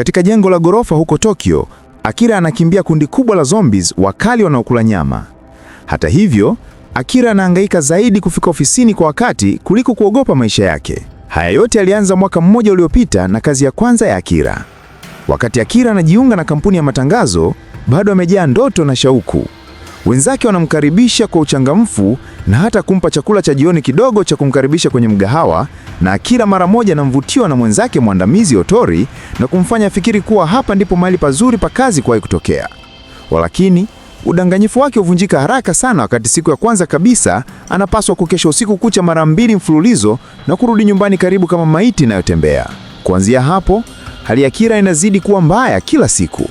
Katika jengo la ghorofa huko Tokyo, Akira anakimbia kundi kubwa la zombies wakali wanaokula nyama. Hata hivyo, Akira anahangaika zaidi kufika ofisini kwa wakati kuliko kuogopa maisha yake. Haya yote yalianza mwaka mmoja uliopita na kazi ya kwanza ya Akira. Wakati Akira anajiunga na kampuni ya matangazo, bado amejaa ndoto na shauku. Wenzake wanamkaribisha kwa uchangamfu na hata kumpa chakula cha jioni kidogo cha kumkaribisha kwenye mgahawa, na kila mara moja anamvutiwa na mwenzake mwandamizi Otori na kumfanya afikiri kuwa hapa ndipo mahali pazuri pa kazi kuwahi kutokea. Walakini udanganyifu wake huvunjika haraka sana, wakati siku ya kwanza kabisa anapaswa kukesha usiku kucha mara mbili mfululizo na kurudi nyumbani karibu kama maiti inayotembea. Kuanzia hapo, hali ya Kira inazidi kuwa mbaya kila siku.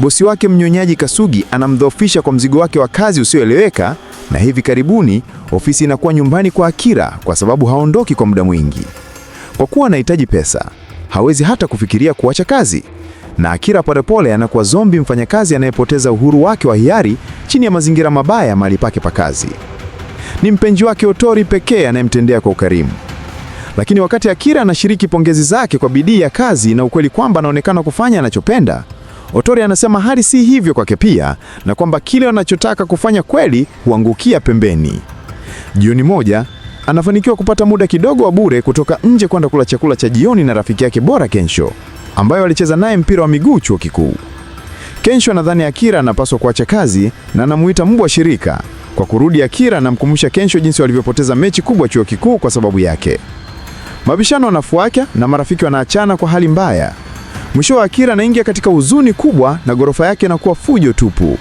Bosi wake mnyonyaji Kasugi anamdhoofisha kwa mzigo wake wa kazi usioeleweka, na hivi karibuni ofisi inakuwa nyumbani kwa Akira kwa sababu haondoki kwa muda mwingi. Kwa kuwa anahitaji pesa, hawezi hata kufikiria kuacha kazi, na Akira polepole anakuwa zombi, mfanyakazi anayepoteza uhuru wake wa hiari chini ya mazingira mabaya mahali pake pa kazi. Ni mpenzi wake Otori pekee anayemtendea kwa ukarimu. Lakini wakati Akira anashiriki pongezi zake kwa bidii ya kazi na ukweli kwamba anaonekana kufanya anachopenda Otori anasema hali si hivyo kwake pia na kwamba kile wanachotaka kufanya kweli huangukia pembeni. Jioni moja anafanikiwa kupata muda kidogo wa bure kutoka nje kwenda kula chakula cha jioni na rafiki yake bora Kensho, ambayo alicheza naye mpira wa miguu chuo kikuu. Kensho anadhani Akira anapaswa kuacha kazi na anamuita mbwa shirika. Kwa kurudi, Akira anamkumbusha Kensho jinsi walivyopoteza mechi kubwa chuo kikuu kwa sababu yake. Mabishano wanafuaka na marafiki wanaachana kwa hali mbaya. Mwisho wa Akira anaingia katika huzuni kubwa na ghorofa yake inakuwa fujo tupu.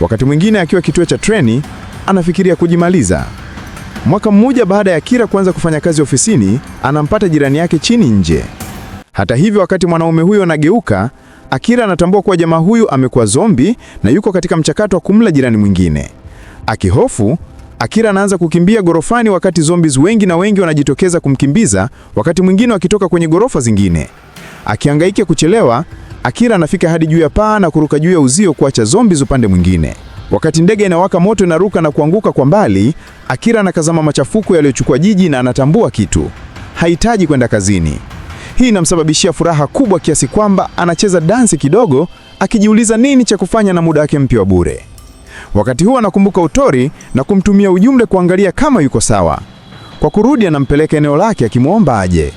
Wakati mwingine akiwa kituo cha treni, anafikiria kujimaliza. Mwaka mmoja baada ya Akira kuanza kufanya kazi ofisini, anampata jirani yake chini nje. Hata hivyo, wakati mwanaume huyo anageuka, Akira anatambua kuwa jamaa huyu amekuwa zombi na yuko katika mchakato wa kumla jirani mwingine. Akihofu, Akira anaanza kukimbia gorofani wakati zombies wengi na wengi wanajitokeza kumkimbiza, wakati mwingine wakitoka kwenye gorofa zingine. Akihangaika kuchelewa, Akira anafika hadi juu ya paa na kuruka juu ya uzio kuacha zombies upande mwingine. Wakati ndege inawaka moto inaruka na kuanguka kwa mbali, Akira anakazama machafuko yaliyochukua jiji na anatambua kitu. Hahitaji kwenda kazini. Hii inamsababishia furaha kubwa kiasi kwamba anacheza dansi kidogo akijiuliza nini cha kufanya na muda wake mpya wa bure. Wakati huo anakumbuka Utori na kumtumia ujumbe kuangalia kama yuko sawa. Kwa kurudi, anampeleka eneo lake akimwomba aje.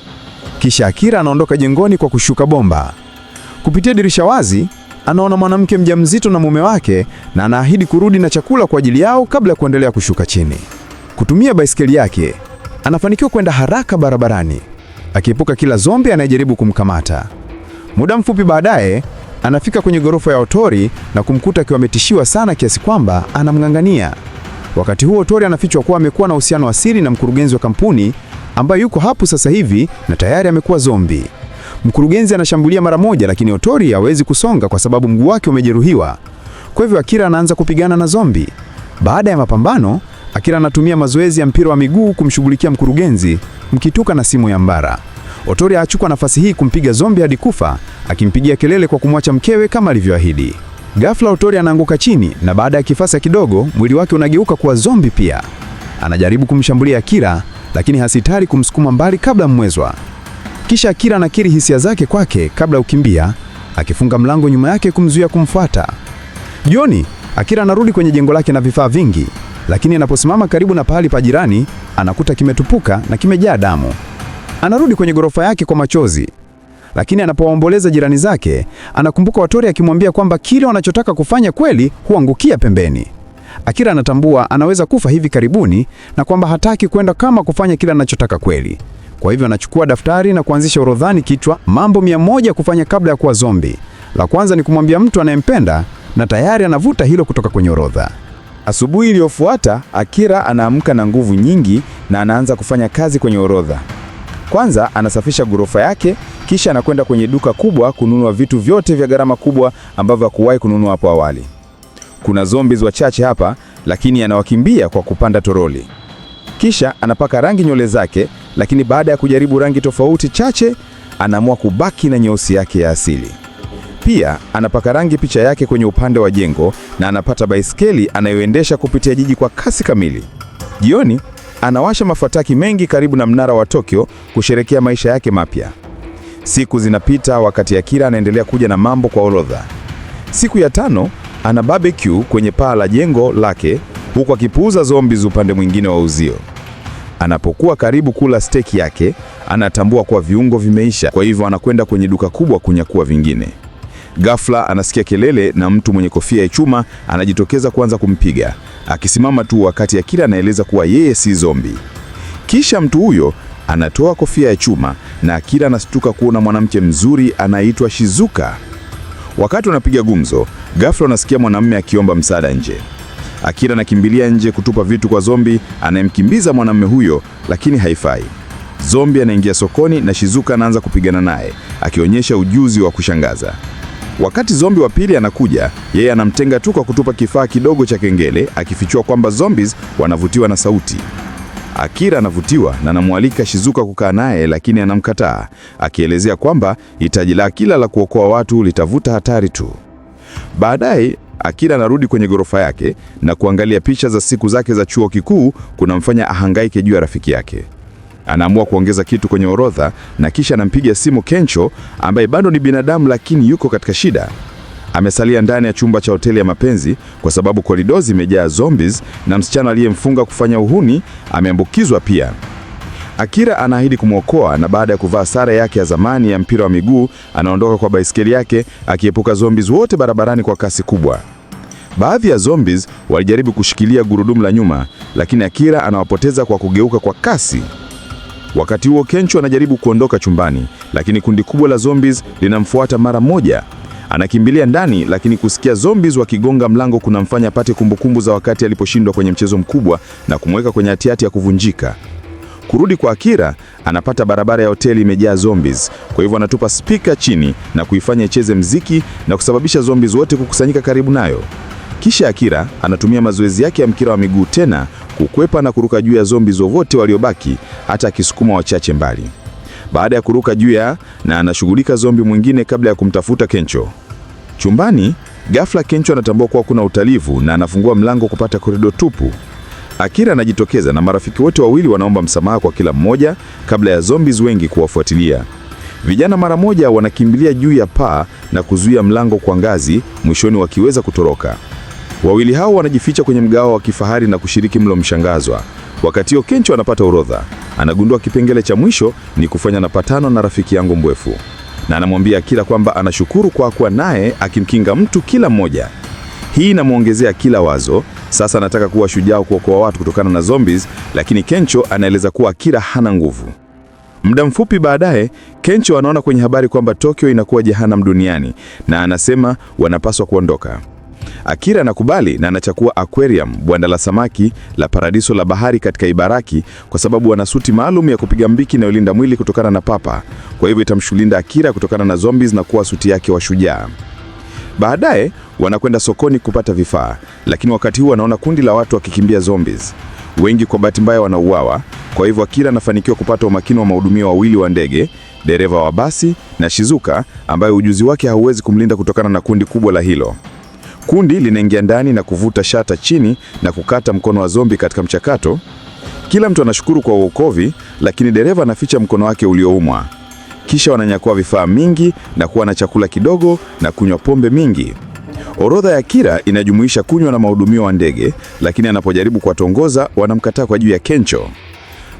Kisha Akira anaondoka jengoni kwa kushuka bomba. Kupitia dirisha wazi, anaona mwanamke mjamzito na mume wake na anaahidi kurudi na chakula kwa ajili yao kabla ya kuendelea kushuka chini. Kutumia baisikeli yake, anafanikiwa kwenda haraka barabarani, akiepuka kila zombi anayejaribu kumkamata. Muda mfupi baadaye, anafika kwenye ghorofa ya Otori na kumkuta akiwa ametishiwa sana kiasi kwamba anamng'ang'ania. Wakati huo Otori anafichwa kuwa amekuwa na uhusiano wa siri na mkurugenzi wa kampuni ambaye yuko hapo sasa hivi na tayari amekuwa zombi. Mkurugenzi anashambulia mara moja, lakini Otori hawezi kusonga kwa sababu mguu wake umejeruhiwa. Kwa hivyo Akira anaanza kupigana na zombi. Baada ya mapambano, Akira anatumia mazoezi ya mpira wa miguu kumshughulikia mkurugenzi, mkituka na simu ya Mbara. Otori achukua nafasi hii kumpiga zombi hadi kufa, akimpigia kelele kwa kumwacha mkewe kama alivyoahidi. Ghafla Otori anaanguka chini na baada ya kifasa kidogo, mwili wake unageuka kuwa zombi pia. Anajaribu kumshambulia Akira lakini hasitari kumsukuma mbali kabla mmwezwa. Kisha Akira anakiri hisia zake kwake kabla ukimbia, akifunga mlango nyuma yake kumzuia kumfuata. Jioni Akira anarudi kwenye jengo lake na vifaa vingi, lakini anaposimama karibu na pahali pa jirani anakuta kimetupuka na kimejaa damu. Anarudi kwenye ghorofa yake kwa machozi, lakini anapowaomboleza jirani zake anakumbuka Watori akimwambia kwamba kile wanachotaka kufanya kweli huangukia pembeni. Akira anatambua anaweza kufa hivi karibuni na kwamba hataki kwenda kama kufanya kile anachotaka kweli. Kwa hivyo anachukua daftari na kuanzisha orodhani kichwa mambo mia moja kufanya kabla ya kuwa zombi. La kwanza ni kumwambia mtu anayempenda na tayari anavuta hilo kutoka kwenye orodha. Asubuhi iliyofuata, Akira anaamka na nguvu nyingi na anaanza kufanya kazi kwenye orodha. Kwanza anasafisha ghorofa yake, kisha anakwenda kwenye duka kubwa kununua vitu vyote vya gharama kubwa ambavyo hakuwahi kununua hapo awali. Kuna zombies wachache hapa, lakini anawakimbia kwa kupanda toroli. Kisha anapaka rangi nywele zake, lakini baada ya kujaribu rangi tofauti chache, anaamua kubaki na nyeusi yake ya asili. Pia anapaka rangi picha yake kwenye upande wa jengo na anapata baiskeli anayoendesha kupitia jiji kwa kasi kamili. Jioni anawasha mafataki mengi karibu na mnara wa Tokyo kusherekea maisha yake mapya. Siku zinapita wakati Akira anaendelea kuja na mambo kwa orodha. Siku ya tano ana barbecue kwenye paa la jengo lake huku akipuuza zombies upande mwingine wa uzio. Anapokuwa karibu kula steki yake, anatambua kuwa viungo vimeisha, kwa hivyo anakwenda kwenye duka kubwa kunyakua vingine. Ghafla anasikia kelele na mtu mwenye kofia ya chuma anajitokeza kuanza kumpiga, akisimama tu wakati akila anaeleza kuwa yeye si zombi. Kisha mtu huyo anatoa kofia ya chuma na Akira anastuka kuona mwanamke mzuri anaitwa Shizuka. Wakati wanapiga gumzo, ghafla wanasikia mwanamume akiomba msaada nje. Akira anakimbilia nje kutupa vitu kwa Zombi anayemkimbiza mwanamume huyo, lakini haifai. Zombi anaingia sokoni na Shizuka anaanza kupigana naye, akionyesha ujuzi wa kushangaza. Wakati Zombi wa pili anakuja, yeye anamtenga tu kwa kutupa kifaa kidogo cha kengele, akifichua kwamba zombies wanavutiwa na sauti. Akira anavutiwa na anamwalika Shizuka kukaa naye, lakini anamkataa akielezea kwamba hitaji la kila la kuokoa watu litavuta hatari tu. Baadaye Akira anarudi kwenye ghorofa yake na kuangalia picha za siku zake za chuo kikuu kunamfanya ahangaike juu ya rafiki yake. Anaamua kuongeza kitu kwenye orodha na kisha anampiga simu Kencho ambaye bado ni binadamu lakini yuko katika shida. Amesalia ndani ya chumba cha hoteli ya mapenzi kwa sababu korido zimejaa zombies na msichana aliyemfunga kufanya uhuni ameambukizwa pia. Akira anaahidi kumwokoa na baada ya kuvaa sare yake ya zamani ya mpira wa miguu anaondoka kwa baisikeli yake akiepuka zombies wote barabarani kwa kasi kubwa. Baadhi ya zombies walijaribu kushikilia gurudumu la nyuma, lakini Akira anawapoteza kwa kugeuka kwa kasi. Wakati huo Kenchu anajaribu kuondoka chumbani, lakini kundi kubwa la zombies linamfuata mara moja. Anakimbilia ndani, lakini kusikia zombies wakigonga mlango kunamfanya apate kumbukumbu za wakati aliposhindwa kwenye mchezo mkubwa na kumweka kwenye hatihati ya kuvunjika. Kurudi kwa Akira, anapata barabara ya hoteli imejaa zombies. Kwa hivyo anatupa spika chini na kuifanya icheze mziki na kusababisha zombies wote kukusanyika karibu nayo. Kisha Akira anatumia mazoezi yake ya mkira wa miguu tena kukwepa na kuruka juu ya zombies wote waliobaki, hata akisukuma wachache mbali. Baada ya kuruka juu ya na anashughulika zombi mwingine kabla ya kumtafuta Kencho. Chumbani, ghafla Kencho anatambua kuwa kuna utalivu na anafungua mlango kupata korido tupu. Akira anajitokeza na marafiki wote wawili wanaomba msamaha kwa kila mmoja kabla ya zombies wengi kuwafuatilia. Vijana mara moja wanakimbilia juu ya paa na kuzuia mlango kwa ngazi, mwishoni wakiweza kutoroka. Wawili hao wanajificha kwenye mgao wa kifahari na kushiriki mlo mshangazwa. Wakati huo Kencho anapata orodha, anagundua kipengele cha mwisho ni kufanya napatano na rafiki yangu mbwefu na anamwambia Akila kwamba anashukuru kwa kuwa naye akimkinga mtu kila mmoja. Hii inamwongezea Akila wazo sasa anataka kuwa shujaa kuokoa watu kutokana na zombies, lakini Kencho anaeleza kuwa Akira hana nguvu. Muda mfupi baadaye, Kencho anaona kwenye habari kwamba Tokyo inakuwa jehanamu duniani na anasema wanapaswa kuondoka. Akira anakubali na anachakua aquarium, bwanda la samaki la paradiso la bahari katika Ibaraki, kwa sababu ana suti maalum ya kupiga mbiki inayolinda mwili kutokana na papa. Kwa hivyo itamshulinda Akira kutokana na zombies na kuwa suti yake wa shujaa. Baadaye wanakwenda sokoni kupata vifaa, lakini wakati huu wanaona kundi la watu wakikimbia zombies. Wengi kwa bahati mbaya wanauawa. Kwa hivyo Akira anafanikiwa kupata umakini wa mahudumia wawili wa ndege, dereva wa basi na Shizuka ambaye ujuzi wake hauwezi kumlinda kutokana na kundi kubwa la hilo. Kundi linaingia ndani na kuvuta shata chini na kukata mkono wa zombi katika mchakato. Kila mtu anashukuru kwa uokovi, lakini dereva anaficha mkono wake ulioumwa. Kisha wananyakua vifaa mingi na kuwa na chakula kidogo na kunywa pombe mingi. Orodha ya Kira inajumuisha kunywa na mahudumio wa ndege, lakini anapojaribu kuwatongoza wanamkataa kwa juu ya Kencho.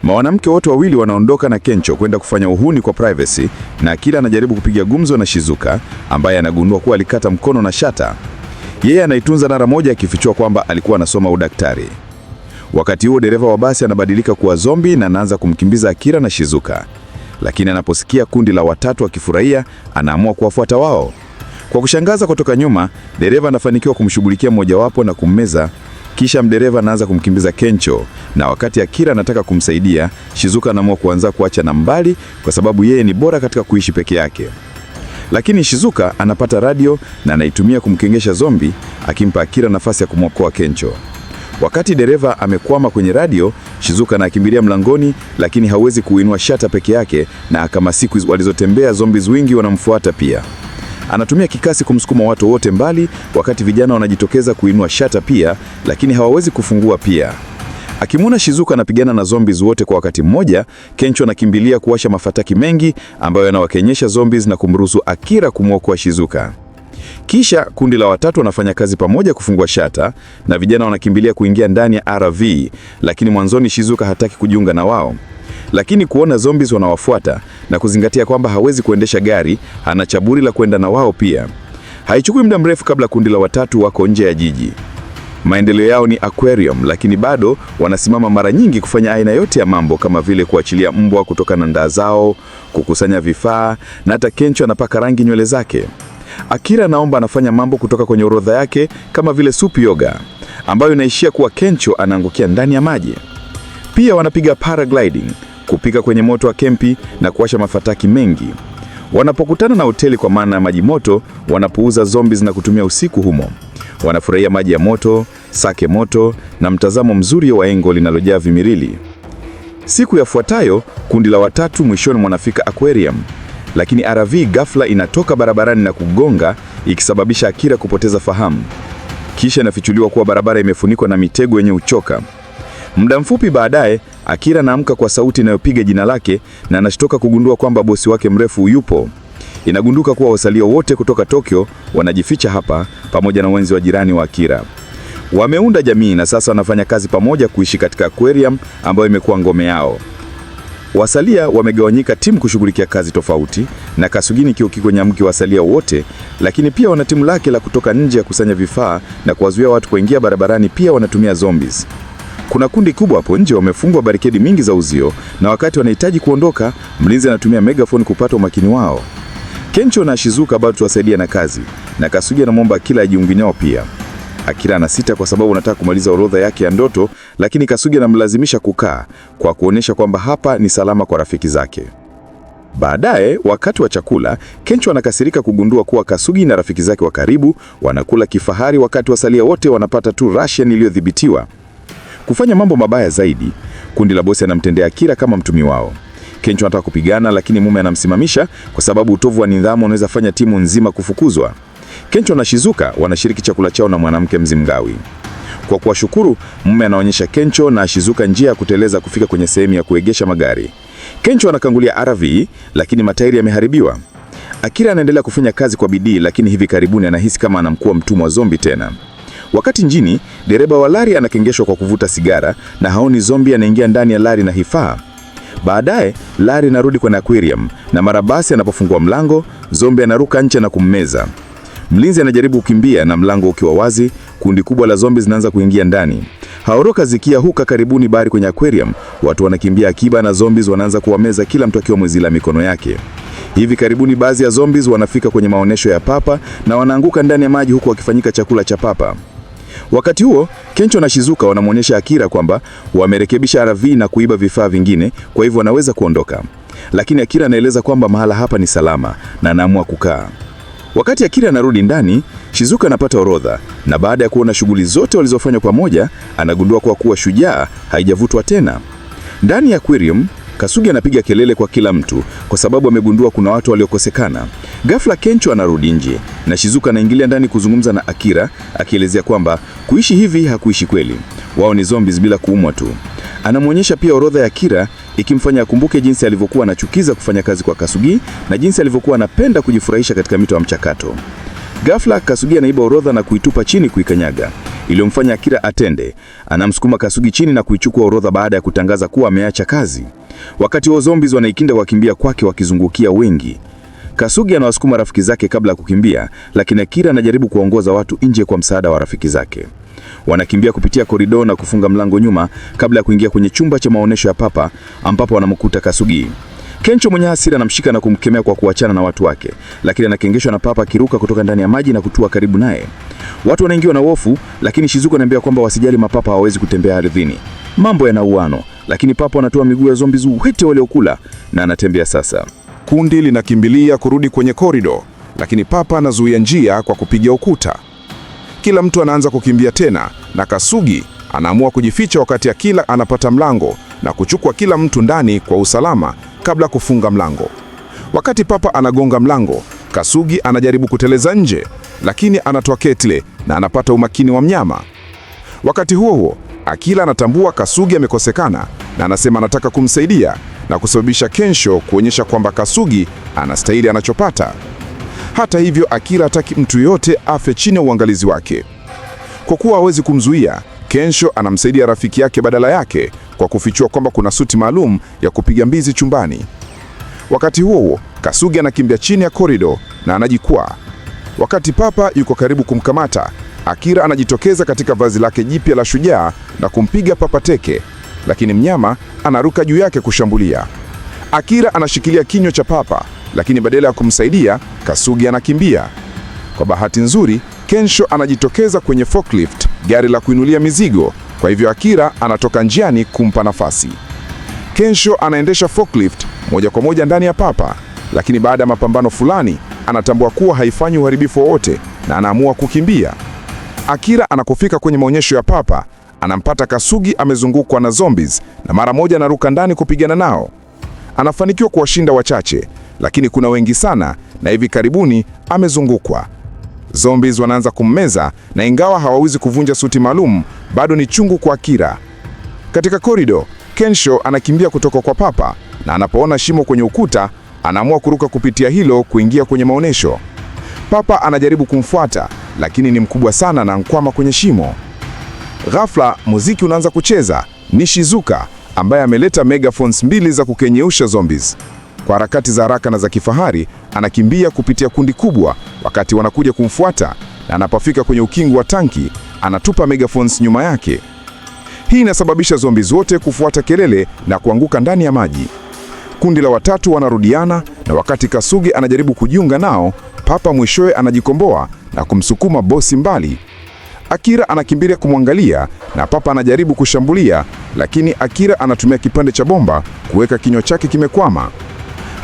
mawanamke wote wawili wanaondoka na Kencho kwenda kufanya uhuni kwa Privacy, na Kira anajaribu kupiga gumzo na Shizuka ambaye anagundua kuwa alikata mkono na shata. Yeye anaitunza nara moja akifichua kwamba alikuwa anasoma udaktari. Wakati huo dereva wa basi anabadilika kuwa zombi na anaanza kumkimbiza Akira na Shizuka, lakini anaposikia kundi la watatu akifurahia, anaamua kuwafuata wao. Kwa kushangaza, kutoka nyuma dereva anafanikiwa kumshughulikia mmojawapo na kummeza, kisha mdereva anaanza kumkimbiza Kencho, na wakati Akira anataka kumsaidia, Shizuka anaamua kuanza kuacha na mbali, kwa sababu yeye ni bora katika kuishi peke yake. Lakini Shizuka anapata radio na anaitumia kumkengesha zombi, akimpa Akira nafasi ya kumwokoa Kencho. Wakati dereva amekwama kwenye radio, Shizuka anakimbilia mlangoni, lakini hawezi kuinua shata peke yake, na kama siku walizotembea zombies wingi wanamfuata pia. Anatumia kikasi kumsukuma watu wote mbali, wakati vijana wanajitokeza kuinua shata pia, lakini hawawezi kufungua pia. Akimwona Shizuka anapigana na zombies wote kwa wakati mmoja, Kencho anakimbilia kuwasha mafataki mengi ambayo yanawakenyesha zombies na kumruhusu Akira kumwokoa Shizuka. Kisha kundi la watatu wanafanya kazi pamoja kufungua shata na vijana wanakimbilia kuingia ndani ya RV, lakini mwanzoni Shizuka hataki kujiunga na wao. Lakini kuona zombies wanawafuata na kuzingatia kwamba hawezi kuendesha gari, ana chaburi la kwenda na wao pia. Haichukui muda mrefu kabla kundi la watatu wako nje ya jiji. Maendeleo yao ni aquarium, lakini bado wanasimama mara nyingi kufanya aina yote ya mambo kama vile kuachilia mbwa kutoka na ndaa zao, kukusanya vifaa na hata Kencho anapaka rangi nywele zake. Akira anaomba anafanya mambo kutoka kwenye orodha yake kama vile sup yoga ambayo inaishia kuwa Kencho anaangukia ndani ya maji. Pia wanapiga paragliding, kupika kwenye moto wa kempi na kuwasha mafataki mengi. Wanapokutana na hoteli kwa maana ya maji moto, wanapouza zombies na kutumia usiku humo. Wanafurahia maji ya moto, sake moto na mtazamo mzuri wa engo linalojaa vimirili. Siku yafuatayo kundi la watatu mwishoni mwanafika aquarium, lakini RV ghafla inatoka barabarani na kugonga, ikisababisha Akira kupoteza fahamu. Kisha inafichuliwa kuwa barabara imefunikwa na mitego yenye uchoka. Muda mfupi baadaye, Akira anaamka kwa sauti inayopiga jina lake na anashtoka kugundua kwamba bosi wake mrefu yupo. Inagunduka kuwa wasalio wote kutoka Tokyo wanajificha hapa pamoja na wenzi wa jirani wa Akira. Wameunda jamii na sasa wanafanya kazi pamoja kuishi katika aquarium ambayo imekuwa ngome yao. Wasalia wamegawanyika timu kushughulikia kazi tofauti, na Kasugini kio kiko nyamki wasalia wote, lakini pia wana timu lake la kutoka nje ya kusanya vifaa na kuwazuia watu kuingia barabarani. Pia wanatumia zombies. Kuna kundi kubwa hapo nje, wamefungwa barikedi mingi za uzio, na wakati wanahitaji kuondoka, mlinzi anatumia megafoni kupata umakini wao. Kencho na Shizuka bado tuwasaidia na kazi, na Kasugi anamwomba akila ajiunge nao pia. Akira anasita kwa sababu anataka kumaliza orodha yake ya ndoto, lakini Kasugi anamlazimisha kukaa kwa kuonyesha kwamba hapa ni salama kwa rafiki zake. Baadaye, wakati wa chakula, Kencho anakasirika kugundua kuwa Kasugi na rafiki zake wa karibu wanakula kifahari wakati wasalia wote wanapata tu ration iliyodhibitiwa. Kufanya mambo mabaya zaidi, kundi la bosi anamtendea Akira kama mtumi wao. Kencho anataka kupigana, lakini mume anamsimamisha kwa sababu utovu wa nidhamu unaweza fanya timu nzima kufukuzwa. Kencho na Shizuka wanashiriki chakula chao na mwanamke mzimgawi. Kwa kuwashukuru, mume anaonyesha Kencho na Shizuka njia ya kuteleza kufika kwenye sehemu ya kuegesha magari. Kencho anakangulia RV lakini matairi yameharibiwa. Akira anaendelea kufanya kazi kwa bidii, lakini hivi karibuni anahisi kama anamkuwa mtumwa wa zombi tena. Wakati njini, dereba wa lari anakengeshwa kwa kuvuta sigara na haoni zombi anaingia ndani ya lari na hifaa Baadaye Larry anarudi kwenye aquarium na mara basi anapofungua mlango, zombi anaruka nje na kummeza. Mlinzi anajaribu kukimbia na mlango ukiwa wazi, kundi kubwa la zombi zinaanza kuingia ndani. Haoroka zikia huka karibuni bahari kwenye aquarium, watu wanakimbia akiba na zombies wanaanza kuwameza kila mtu akiwa mwezila mikono yake. Hivi karibuni baadhi ya zombies wanafika kwenye maonyesho ya papa na wanaanguka ndani ya maji huku wakifanyika chakula cha papa. Wakati huo, Kencho na Shizuka wanamwonyesha Akira kwamba wamerekebisha RV na kuiba vifaa vingine, kwa hivyo wanaweza kuondoka. Lakini Akira anaeleza kwamba mahala hapa ni salama na anaamua kukaa. Wakati Akira anarudi ndani, Shizuka anapata orodha na baada ya kuona shughuli zote walizofanya pamoja, anagundua kwa kuwa Shujaa haijavutwa tena. Ndani ya aquarium, Kasugi anapiga kelele kwa kila mtu kwa sababu amegundua kuna watu waliokosekana. Ghafla Kencho anarudi nje na Shizuka anaingilia ndani kuzungumza na Akira, akielezea kwamba kuishi hivi hakuishi kweli, wao ni zombies bila kuumwa tu. Anamwonyesha pia orodha ya Akira, ikimfanya akumbuke jinsi alivyokuwa anachukiza kufanya kazi kwa Kasugi na jinsi alivyokuwa anapenda kujifurahisha katika mito ya mchakato. Ghafla Kasugi anaiba orodha na kuitupa chini kuikanyaga iliyomfanya Akira atende. Anamsukuma Kasugi chini na kuichukua orodha baada ya kutangaza kuwa ameacha kazi. Wakati huo zombies wanaikinda wakimbia kwake wakizungukia wengi. Kasugi anawasukuma rafiki zake kabla ya kukimbia, lakini Akira anajaribu kuwaongoza watu nje kwa msaada wa rafiki zake. Wanakimbia kupitia korido na kufunga mlango nyuma kabla ya kuingia kwenye chumba cha maonyesho ya papa ambapo wanamkuta Kasugi. Kencho mwenye hasira anamshika na kumkemea kwa kuachana na watu wake, lakini anakengeshwa na papa akiruka kutoka ndani ya maji na kutua karibu naye. Watu wanaingiwa na hofu, lakini Shizuko anaambia kwamba wasijali, mapapa hawawezi kutembea ardhini. Mambo yanauano, lakini papa anatoa miguu ya zombi wote waliokula na anatembea sasa. Kundi linakimbilia kurudi kwenye korido, lakini papa anazuia njia kwa kupiga ukuta. Kila mtu anaanza kukimbia tena na Kasugi anaamua kujificha wakati Akila anapata mlango na kuchukua kila mtu ndani kwa usalama kabla kufunga mlango. Wakati papa anagonga mlango, Kasugi anajaribu kuteleza nje, lakini anatoa ketle na anapata umakini wa mnyama. Wakati huo huo, akila anatambua Kasugi amekosekana na anasema anataka kumsaidia na kusababisha Kensho kuonyesha kwamba Kasugi anastahili anachopata. Hata hivyo, akila hataki mtu yoyote afe chini ya uangalizi wake. Kwa kuwa hawezi kumzuia, Kensho anamsaidia rafiki yake badala yake kwa kufichua kwamba kuna suti maalum ya kupiga mbizi chumbani. Wakati huo huo, Kasugi anakimbia chini ya korido na anajikwaa. Wakati Papa yuko karibu kumkamata, Akira anajitokeza katika vazi lake jipya la shujaa na kumpiga Papa teke, lakini mnyama anaruka juu yake kushambulia. Akira anashikilia kinywa cha Papa, lakini badala ya kumsaidia, Kasugi anakimbia. Kwa bahati nzuri, Kensho anajitokeza kwenye forklift, gari la kuinulia mizigo kwa hivyo Akira anatoka njiani kumpa nafasi. Kensho anaendesha forklift moja kwa moja ndani ya papa, lakini baada ya mapambano fulani anatambua kuwa haifanyi uharibifu wowote na anaamua kukimbia. Akira anapofika kwenye maonyesho ya papa, anampata Kasugi amezungukwa na zombies na mara moja anaruka ndani kupigana nao. Anafanikiwa kuwashinda wachache, lakini kuna wengi sana na hivi karibuni amezungukwa. Zombies wanaanza kummeza na ingawa hawawezi kuvunja suti maalum, bado ni chungu kwa Akira. Katika korido, Kensho anakimbia kutoka kwa Papa na anapoona shimo kwenye ukuta, anaamua kuruka kupitia hilo kuingia kwenye maonyesho. Papa anajaribu kumfuata lakini ni mkubwa sana na nkwama kwenye shimo. Ghafla muziki unaanza kucheza, ni Shizuka ambaye ameleta megaphones mbili za kukenyeusha zombies. Kwa harakati za haraka na za kifahari, anakimbia kupitia kundi kubwa, wakati wanakuja kumfuata, na anapofika kwenye ukingo wa tanki, anatupa megaphones nyuma yake. Hii inasababisha zombi zote kufuata kelele na kuanguka ndani ya maji. Kundi la watatu wanarudiana, na wakati Kasuge anajaribu kujiunga nao, Papa mwishowe anajikomboa na kumsukuma bosi mbali. Akira anakimbilia kumwangalia na Papa anajaribu kushambulia, lakini Akira anatumia kipande cha bomba kuweka kinywa chake kimekwama.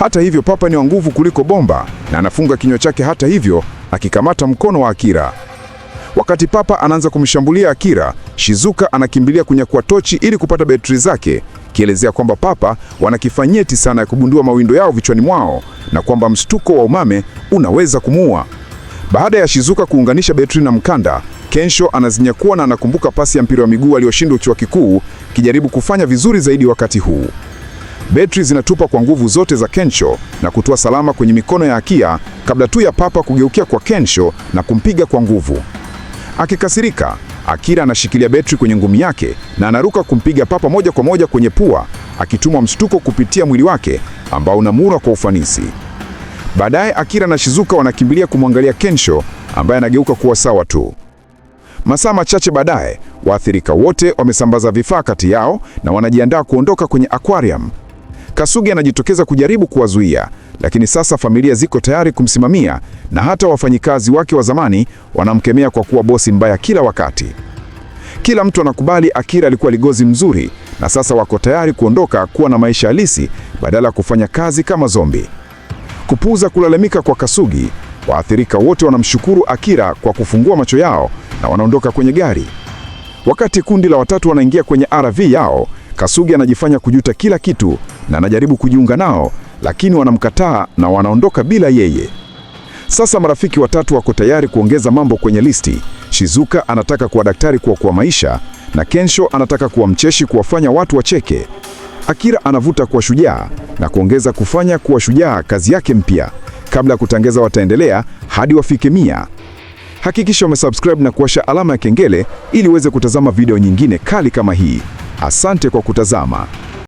Hata hivyo, Papa ni wa nguvu kuliko bomba na anafunga kinywa chake, hata hivyo akikamata mkono wa Akira. Wakati Papa anaanza kumshambulia Akira, Shizuka anakimbilia kunyakua tochi ili kupata betri zake, kielezea kwamba Papa wanakifanyeti sana ya kugundua mawindo yao vichwani mwao na kwamba mshtuko wa umame unaweza kumuua. Baada ya Shizuka kuunganisha betri na mkanda, Kensho anazinyakua na anakumbuka pasi ya mpira wa miguu aliyoshindwa chuo kikuu, kijaribu kufanya vizuri zaidi wakati huu betri zinatupa kwa nguvu zote za Kensho na kutua salama kwenye mikono ya Akia kabla tu ya Papa kugeukia kwa Kensho na kumpiga kwa nguvu. Akikasirika, Akira anashikilia betri kwenye ngumi yake na anaruka kumpiga Papa moja kwa moja kwenye pua, akitumwa mshtuko kupitia mwili wake ambao unamura kwa ufanisi. Baadaye Akira na Shizuka wanakimbilia kumwangalia Kensho ambaye anageuka kuwa sawa tu. Masaa machache baadaye, waathirika wote wamesambaza vifaa kati yao na wanajiandaa kuondoka kwenye aquarium Kasugi anajitokeza kujaribu kuwazuia, lakini sasa familia ziko tayari kumsimamia na hata wafanyikazi wake wa zamani wanamkemea kwa kuwa bosi mbaya kila wakati. Kila mtu anakubali Akira alikuwa ligozi mzuri na sasa wako tayari kuondoka kuwa na maisha halisi badala ya kufanya kazi kama zombi. Kupuuza kulalamika kwa Kasugi, waathirika wote wanamshukuru Akira kwa kufungua macho yao na wanaondoka kwenye gari. Wakati kundi la watatu wanaingia kwenye RV yao, Kasugi anajifanya kujuta kila kitu na anajaribu kujiunga nao, lakini wanamkataa na wanaondoka bila yeye. Sasa marafiki watatu wako tayari kuongeza mambo kwenye listi. Shizuka anataka kuwa daktari kuokoa maisha na Kensho anataka kuwa mcheshi kuwafanya watu wacheke. Akira anavuta kuwa shujaa na kuongeza kufanya kuwa shujaa kazi yake mpya. Kabla ya kutangaza wataendelea hadi wafike mia. Hakikisha umesubscribe na kuwasha alama ya kengele ili uweze kutazama video nyingine kali kama hii. Asante kwa kutazama.